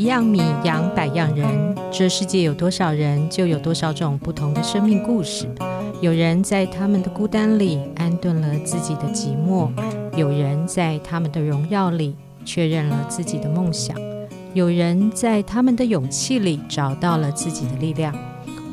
一樣米養百樣人，這世界有多少人，就有多少種不同的生命故事。有人在他們的孤單裡安頓了自己的寂寞，有人在他們的榮耀裡確認了自己的夢想，有人在他們的勇氣裡找到了自己的力量。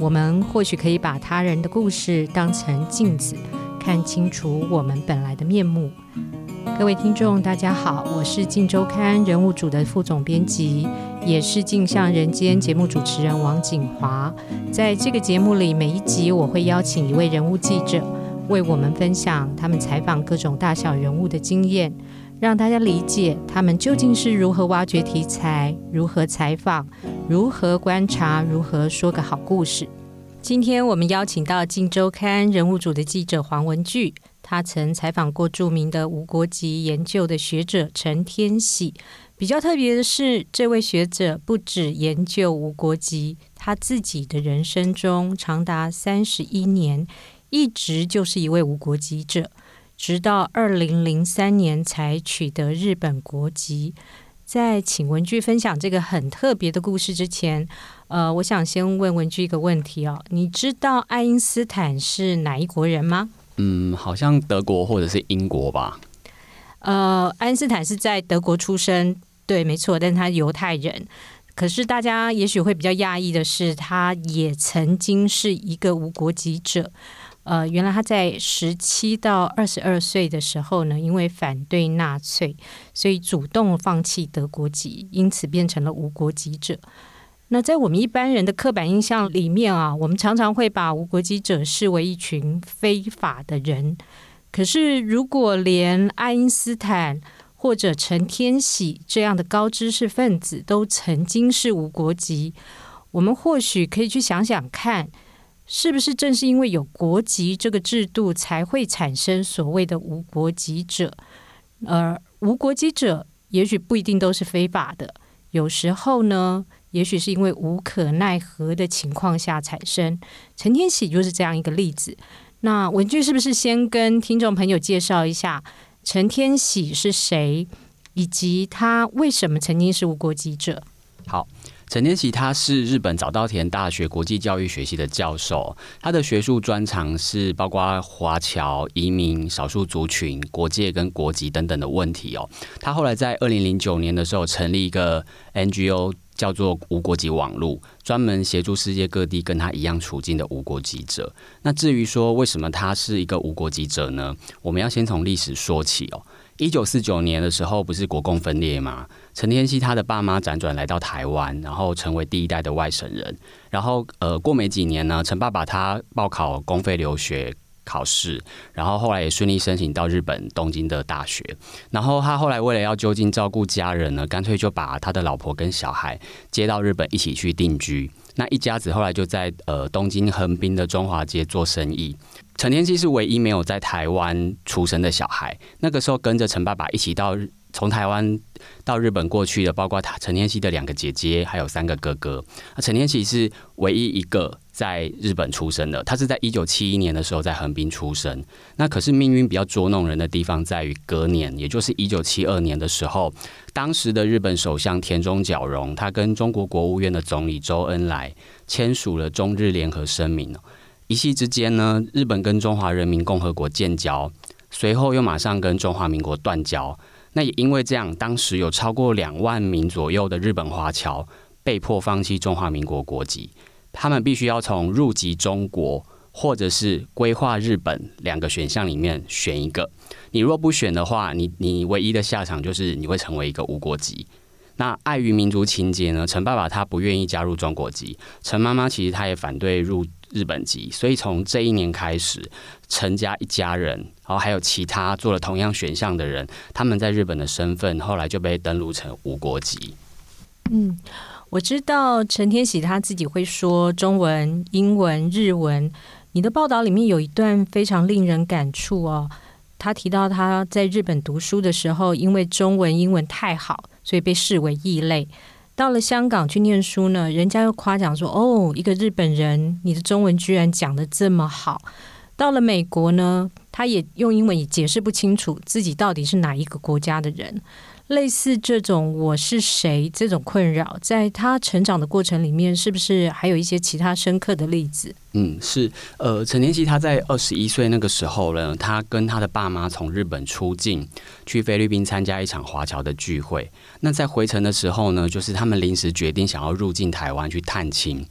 我們或許可以把他人的故事當成鏡子，看清楚我們本來的面目。各位聽眾，大家好，我是《鏡週刊》人物組的副總編輯，也是《鏡像人間》節目主持人王景華。在這個節目裡，每一集我會邀請一位人物記者，為我們分享他們採訪各種大小人物的經驗，讓大家理解他們究竟是如何挖掘題材、如何採訪、如何觀察、如何說個好故事。今天我們邀請到《鏡週刊》人物組的記者黃文聚。他曾採訪過著名的無國籍研究的學者陳天璽。比較特別的是，這位學者不止研究無國籍，他自己的人生中長達三十一年，一直就是一位無國籍者，直到二零零三年才取得日本國籍。在請文具分享這個很特別的故事之前，呃，我想先問文具一個問題哦：你知道愛因斯坦是哪一國人嗎？嗯，好像德國或者是英國吧。呃，愛因斯坦是在德國出生，對，沒錯。但是他是猶太人，可是大家也許會比較訝異的是，他也曾經是一個無國籍者。呃，原來他在十七到二十二歲的時候呢，因為反對納粹，所以主動放棄德國籍，因此變成了無國籍者。那在我們一般人的刻板印象裡面啊，我們常常會把無國籍者視為一群非法的人。可是，如果連愛因斯坦或者陳天璽這樣的高知識分子都曾經是無國籍，我們或許可以去想想看，是不是正是因為有國籍這個制度，才會產生所謂的無國籍者？而無國籍者，也許不一定都是非法的。有時候呢，也許是因為無可奈何的情況下產生，陳天喜就是這樣一個例子。那文具是不是先跟聽眾朋友介紹一下陳天喜是誰，以及他為什麼曾經是無國籍者？好，陳天喜他是日本早稻田大學國際教育學系的教授，他的學術專長是包括華僑、移民、少數族群、國界跟國籍等等的問題哦。他後來在二零零九年的時候成立一個 NGO。叫做無國籍網路，專門協助世界各地跟他一樣處境的無國籍者。那至於說為什麼他是一個無國籍者呢？我們要先從歷史說起哦。一九四九年的時候，不是國共分裂嗎？陳天熙他的爸媽輾轉來到台灣，然後成為第一代的外省人。然後呃，過沒幾年呢，陳爸爸他報考公費留學。考試，然後後來也順利申請到日本東京的大學。然後他後來為了要就近照顧家人呢，乾脆就把他的老婆跟小孩接到日本一起去定居。那一家子後來就在呃東京橫濱的中華街做生意。陳天熙是唯一沒有在台灣出生的小孩。那個時候跟着陳爸爸一起到日，從台灣到日本過去的，包括他陳天熙的兩個姐姐還有三個哥哥。那陳天熙是唯一一個。在日本出生的。他是在一九七一年的時候在橫濱出生。那可是命運比較捉弄人的地方在於，隔年也就是一九七二年的時候，當時的日本首相田中角榮，他跟中國國務院的總理周恩來簽署了中日聯合聲明。一夕之間呢，日本跟中華人民共和國建交，隨後又馬上跟中華民國斷交。那也因為這樣，當時有超過兩萬名左右的日本華僑被迫放棄中華民國國籍。他們必須要從入籍中國或者是歸化日本兩個選項裡面選一個。你若不選的話，你你唯一的下場就是你會成為一個無國籍。那礙於民族情結呢，陳爸爸他不願意加入中國籍，陳媽媽其實他也反對入日本籍，所以從這一年開始，陳家一家人，然後還有其他做了同樣選項的人，他們在日本的身份後來就被登錄成無國籍。嗯。我知道陳天喜他自己會說中文、英文、日文。你的報道裡面有一段非常令人感觸哦，他提到他在日本讀書的時候，因為中文、英文太好，所以被視為異類。到了香港去念書呢，人家又誇獎說：“哦，一個日本人，你的中文居然講得這麼好。”到了美國呢，他也用英文也解釋不清楚自己到底是哪一個國家的人。類似這種我是誰這種困擾，在他成長的過程裡面，是不是還有一些其他深刻的例子？嗯，是。呃，陳天璽他在二十一歲那個時候呢，他跟他的爸媽從日本出境去菲律賓參加一場華僑的聚會。那在回程的時候呢，就是他們臨時決定想要入境台灣去探親。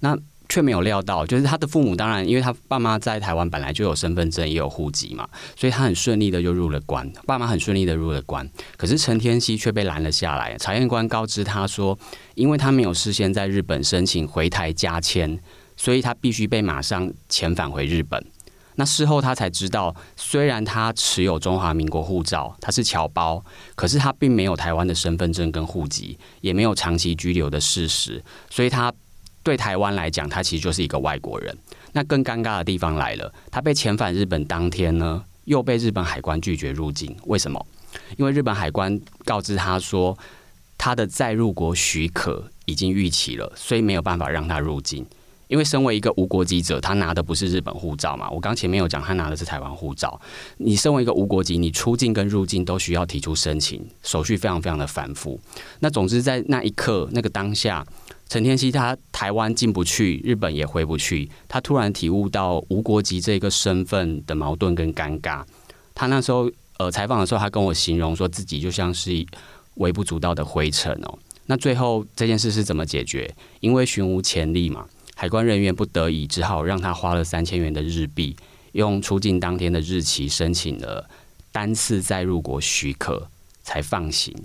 那卻沒有料到，就是他的父母，當然，因為他爸媽在台灣本來就有身份證，也有戶籍嘛，所以他很順利的就入了關，爸媽很順利的入了關。可是陳天熙卻被攔了下來，查驗官告知他說，因為他沒有事先在日本申請回台加簽，所以他必須被馬上遣返回日本。那事後他才知道，雖然他持有中華民國護照，他是僑胞，可是他並沒有台灣的身份證跟戶籍，也沒有長期居留的事實，所以他。對台灣來講，他其實就是一個外國人。那更尷尬的地方來了，他被遣返日本當天呢，又被日本海關拒絕入境。為什麼？因為日本海關告知他說，他的再入國許可已經逾期了，所以沒有辦法讓他入境。因為身為一個無國籍者，他拿的不是日本護照嘛。我剛前面有講，他拿的是台灣護照。你身為一個無國籍，你出境跟入境都需要提出申請，手續非常非常的繁複。那總之在那一刻，那個當下，陳天熙他台灣進不去，日本也回不去。他突然體悟到無國籍這個身份的矛盾跟尷尬。他那時候呃採訪的時候，他跟我形容說自己就像是微不足道的灰塵哦。那最後這件事是怎麼解決？因為尋無前例嘛。海關人員不得已，只好讓他花了三千元的日幣，用出境當天的日期申請了單次再入國許可，才放行。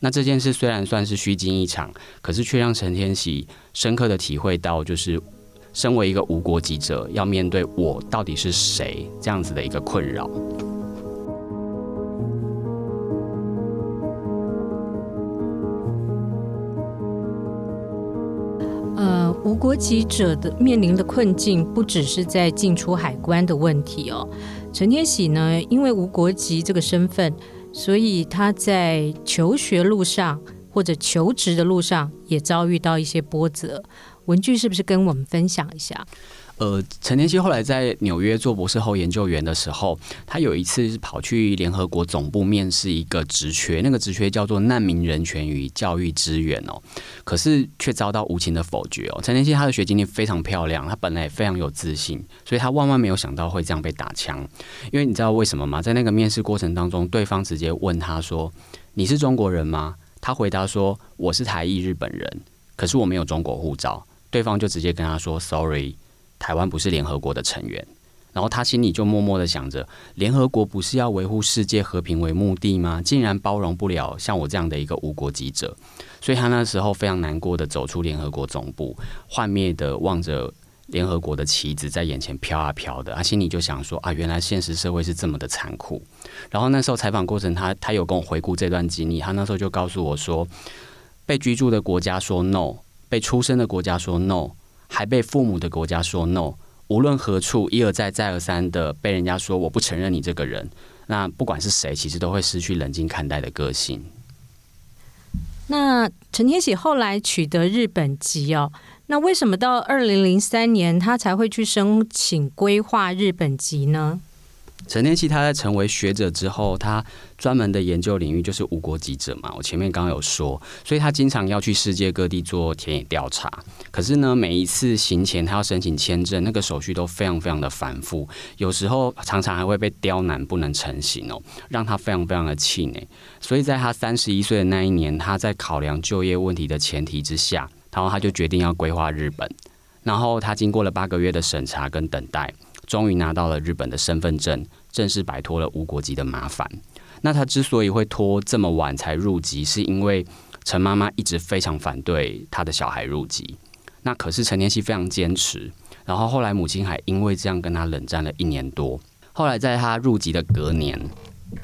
那這件事雖然算是虛驚一場，可是卻讓陳天喜深刻的體會到，就是身為一個無國籍者，要面對“我到底是誰”這樣子的一個困擾。籍者的面臨的困境不只是在進出海關的問題哦。陳天喜呢，因為無國籍這個身份，所以他在求學路上或者求職的路上也遭遇到一些波折。文具是不是跟我們分享一下？呃，陳天希後來在紐約做博士後研究員的時候，他有一次是跑去聯合國總部面試一個職缺，那個職缺叫做難民人權與教育資源哦，可是卻遭到無情的否決哦。陳天希他的學經歷非常漂亮，他本來也非常有自信，所以他萬萬沒有想到會這樣被打槍。因為你知道為什麼嗎？在那個面試過程當中，對方直接問他說：“你是中國人嗎？”他回答說：“我是台裔日本人，可是我沒有中國護照。”對方就直接跟他說：“Sorry。”台灣不是聯合國的成員，然後他心裡就默默的想着，聯合國不是要維護世界和平為目的嗎？竟然包容不了像我這樣的一個無國籍者，所以他那時候非常難過的走出聯合國總部，幻滅的望着聯合國的旗子在眼前飄啊飄的，他心裡就想說啊，原來現實社會是這麼的殘酷。然後那時候採訪過程他，他他有跟我回顧這段經歷，他那時候就告訴我說，被居住的國家說 no，被出生的國家說 no。還被父母的國家說 no，無論何處，一而再再而三的被人家說我不承認你這個人，那不管是誰，其實都會失去冷靜看待的個性。那陳天璽後來取得日本籍哦，那為什麼到二零零三年他才會去申請歸化日本籍呢？陳天奇他在成為學者之後，他專門的研究領域就是無國籍者嘛。我前面剛剛有說，所以他經常要去世界各地做田野調查。可是呢，每一次行前他要申請簽證，那個手續都非常非常的繁複，有時候常常還會被刁難，不能成行哦，讓他非常非常的氣餒。所以在他三十一歲的那一年，他在考量就業問題的前提之下，然後他就決定要歸化日本。然後他經過了八個月的審查跟等待。終於拿到了日本的身份證，正式擺脫了無國籍的麻煩。那他之所以會拖這麼晚才入籍，是因為陳媽媽一直非常反對他的小孩入籍。那可是陳年希非常堅持，然後後來母親還因為這樣跟他冷戰了一年多。後來在他入籍的隔年，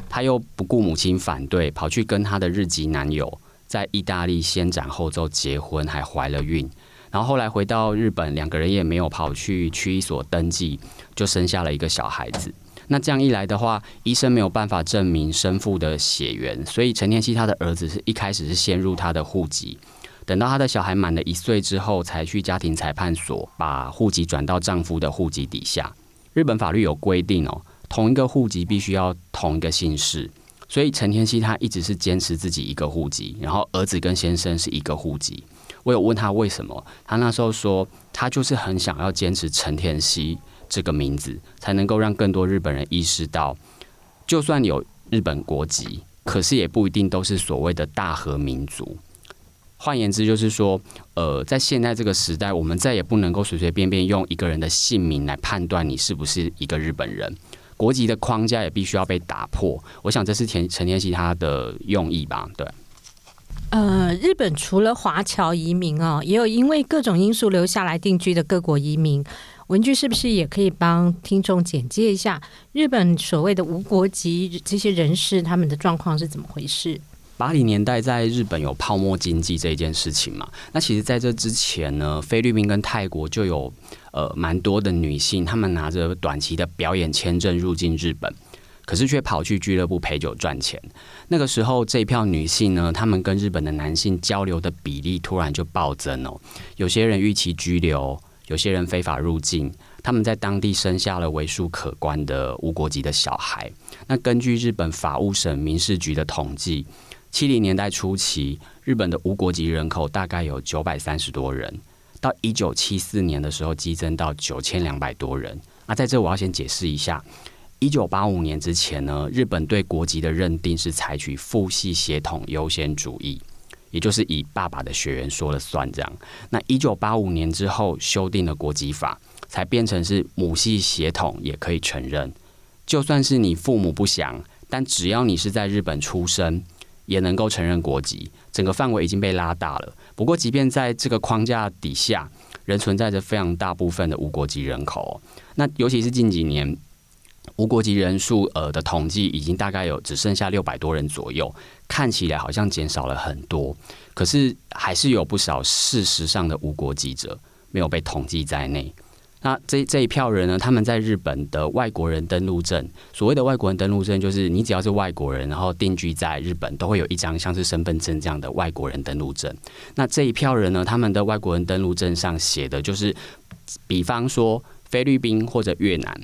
他又不顧母親反對，跑去跟他的日籍男友在意大利先斬後奏結婚，還懷了孕。然後後來回到日本，兩個人也沒有跑去區役所登記，就生下了一個小孩子。那這樣一來的話，醫生沒有辦法證明生父的血緣，所以陳天熙他的兒子是一開始是先入他的戶籍，等到他的小孩滿了一歲之後，才去家庭裁判所把戶籍轉到丈夫的戶籍底下。日本法律有規定哦，同一個戶籍必須要同一個姓氏，所以陳天熙他一直是堅持自己一個戶籍，然後兒子跟先生是一個戶籍。我有問他為什麼，他那時候說，他就是很想要堅持陳田熙這個名字，才能夠讓更多日本人意識到，就算有日本國籍，可是也不一定都是所謂的大和民族。換言之，就是說，呃，在現在這個時代，我們再也不能夠隨隨便便用一個人的姓名來判斷你是不是一個日本人，國籍的框架也必須要被打破。我想這是田陳田熙他的用意吧？對。呃，日本除了華僑移民哦，也有因為各種因素留下來定居的各國移民。文俊是不是也可以幫聽眾簡介一下日本所謂的無國籍這些人士，他們的狀況是怎麼回事？八零年代在日本有泡沫經濟這一件事情嘛。那其實在這之前呢，菲律賓跟泰國就有呃蠻多的女性，她們拿着短期的表演簽證入境日本。可是卻跑去俱樂部陪酒賺錢。那個時候，這票女性呢，她們跟日本的男性交流的比例突然就暴增哦。有些人逾期居留，有些人非法入境，他們在當地生下了為數可觀的無國籍的小孩。那根據日本法務省民事局的統計，七零年代初期，日本的無國籍人口大概有九百三十多人，到一九七四年的時候激增到九千兩百多人。啊，在這我要先解釋一下。一九八五年之前呢，日本對國籍的認定是採取父系血統優先主義，也就是以爸爸的血緣說了算。這樣，那一九八五年之後修訂的國籍法，才變成是母系血統也可以承認。就算是你父母不詳，但只要你是在日本出生，也能夠承認國籍。整個範圍已經被拉大了。不過，即便在這個框架底下，仍存在着非常大部分的無國籍人口。那尤其是近幾年。無國籍人數呃、的統計已經大概有只剩下六百多人左右，看起來好像減少了很多，可是還是有不少事實上的無國籍者沒有被統計在內。那這這一票人呢？他們在日本的外國人登錄證，所謂的外國人登錄證，就是你只要是外國人，然後定居在日本，都會有一張像是身份證這樣的外國人登錄證。那這一票人呢？他們的外國人登錄證上寫的就是，比方說菲律賓或者越南。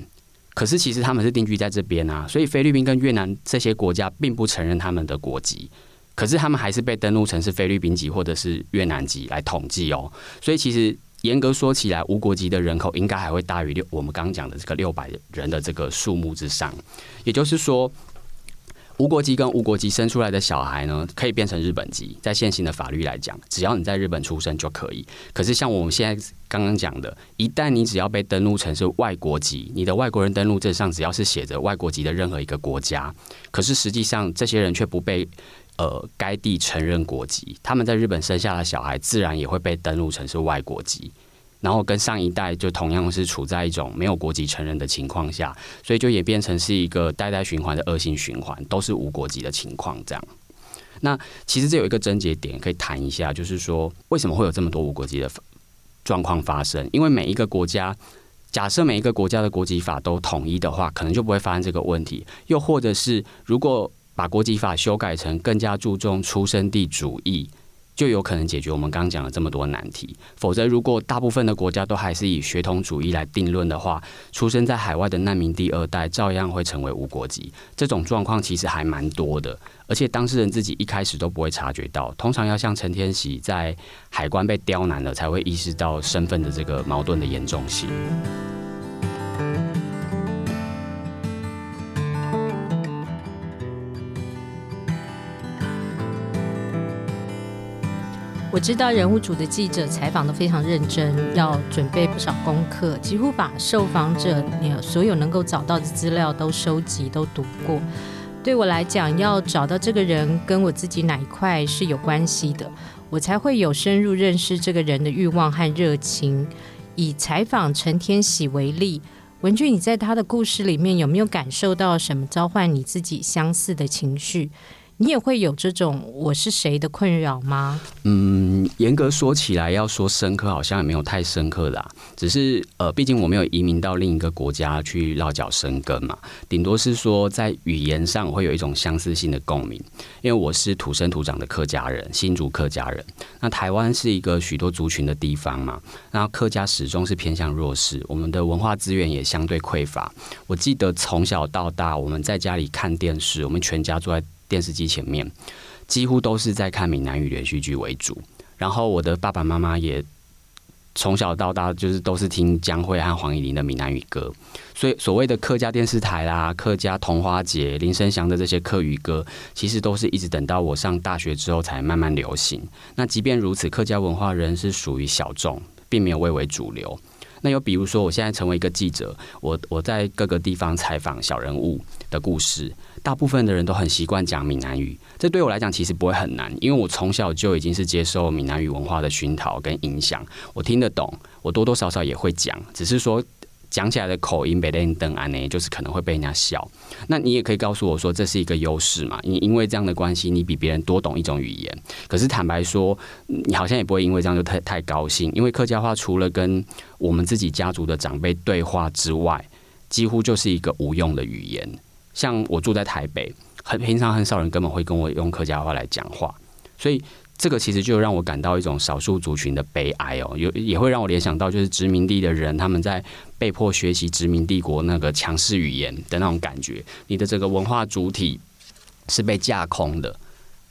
可是其實他們是定居在這邊啊，所以菲律賓跟越南這些國家並不承認他們的國籍，可是他們還是被登錄成是菲律賓籍或者是越南籍來統計哦。所以其實嚴格說起來，無國籍的人口應該還會大於六，我們剛講的這個六百人的這個數目之上，也就是說。無國籍跟無國籍生出來的小孩呢，可以變成日本籍。在現行的法律來講，只要你在日本出生就可以。可是像我們現在剛剛講的，一旦你只要被登錄成是外國籍，你的外國人登錄證上只要是寫着外國籍的任何一個國家，可是實際上這些人卻不被，呃，該地承認國籍，他們在日本生下的小孩自然也會被登錄成是外國籍。然後跟上一代就同樣是處在一種沒有國籍承認的情況下，所以就也變成是一個代代循環的惡性循環，都是無國籍的情況這樣。那其實這有一個症結點可以談一下，就是說為什麼會有這麼多無國籍的狀況發生？因為每一個國家，假設每一個國家的國籍法都統一的話，可能就不會發生這個問題。又或者是如果把國籍法修改成更加注重出生地主義。就有可能解決我們剛講了這麼多難題。否則，如果大部分的國家都還是以血統主義來定論的話，出生在海外的難民第二代照樣會成為無國籍。這種狀況其實還蠻多的，而且當事人自己一開始都不會察覺到，通常要像陳天喜在海關被刁難了，才會意識到身份的這個矛盾的嚴重性。我知道人物組的記者採訪都非常認真，要準備不少功課，幾乎把受訪者所有能夠找到的資料都收集、都讀過。對我來講，要找到這個人跟我自己哪一塊是有關係的，我才會有深入認識這個人的慾望和熱情。以採訪陳天喜為例，文俊，你在他的故事裡面有沒有感受到什麼召喚你自己相似的情緒？你也會有這種我是誰的困擾嗎？嗯，嚴格說起來，要說深刻，好像也沒有太深刻的啊。只是呃，畢竟我沒有移民到另一個國家去落腳生根嘛，頂多是說在語言上我會有一種相似性的共鳴。因為我是土生土長的客家人，新竹客家人。那台灣是一個許多族群的地方嘛，那客家始終是偏向弱勢，我們的文化資源也相對匱乏。我記得從小到大，我們在家裡看電視，我們全家坐在，電視機前面幾乎都是在看閩南語連續劇為主，然後我的爸爸媽媽也從小到大就是都是聽江蕙和黃乙玲的閩南語歌，所以所謂的客家電視台啦、啊、客家桐花節、林生祥的這些客語歌，其實都是一直等到我上大學之後才慢慢流行。那即便如此，客家文化仍是屬於小眾，並沒有蔚為主流。那又比如說，我現在成為一個記者，我我在各個地方採訪小人物的故事。大部分的人都很習慣講閩南語，這對我來講其實不會很難，因為我從小就已經是接受閩南語文化的熏陶跟影響，我聽得懂，我多多少少也會講，只是說講起來的口音北人等安呢，就是可能會被人家笑。那你也可以告訴我說，這是一個優勢嘛？你因為這樣的關係，你比別人多懂一種語言。可是坦白說，你好像也不會因為這樣就太太高興，因為客家話除了跟我們自己家族的長輩對話之外，幾乎就是一個無用的語言。像我住在台北，很平常，很少人根本會跟我用客家話來講話，所以這個其實就讓我感到一種少數族群的悲哀哦，有也會讓我聯想到就是殖民地的人，他們在被迫學習殖民帝國那個強勢語言的那種感覺，你的這個文化主體是被架空的。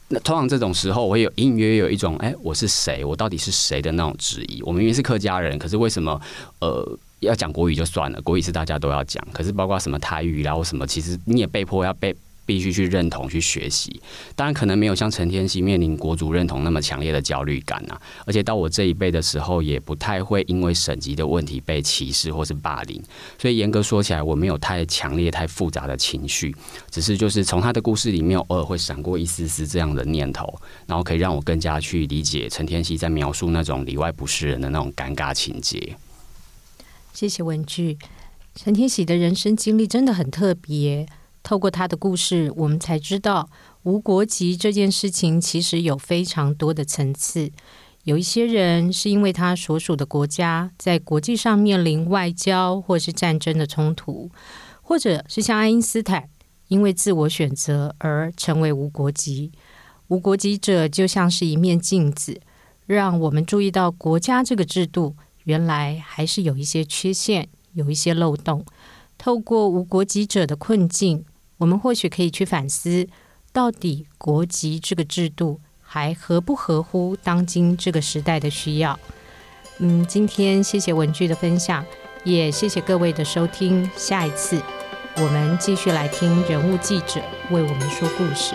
那通常這種時候，我也有隱隱約約有一種，哎、欸，我是誰？我到底是誰的那種質疑？我明明是客家人，可是為什麼？呃。要講國語就算了，國語是大家都要講，可是包括什麼台語然後什麼，其實你也被迫要被必須去認同去學習。當然可能沒有像陳天熙面臨國族認同那麼強烈的焦慮感啊，而且到我這一輩的時候也不太會因為省籍的問題被歧視或是霸凌，所以嚴格說起來我沒有太強烈太複雜的情緒，只是就是從他的故事裡面偶爾會閃過一絲絲這樣的念頭，然後可以讓我更加去理解陳天熙在描述那種裡外不是人的那種尷尬情節。謝謝文具。陳天喜的人生經歷真的很特別。透過他的故事，我們才知道無國籍這件事情其實有非常多的層次。有一些人是因為他所屬的國家在國際上面臨外交或是戰爭的衝突，或者是像愛因斯坦因為自我選擇而成為無國籍。無國籍者就像是一面鏡子，讓我們注意到國家這個制度，原來還是有一些缺陷，有一些漏洞。透過無國籍者的困境，我們或許可以去反思，到底國籍這個制度還合不合乎當今這個時代的需要？嗯，今天謝謝文具的分享，也謝謝各位的收聽。下一次我們繼續來聽人物記者為我們說故事。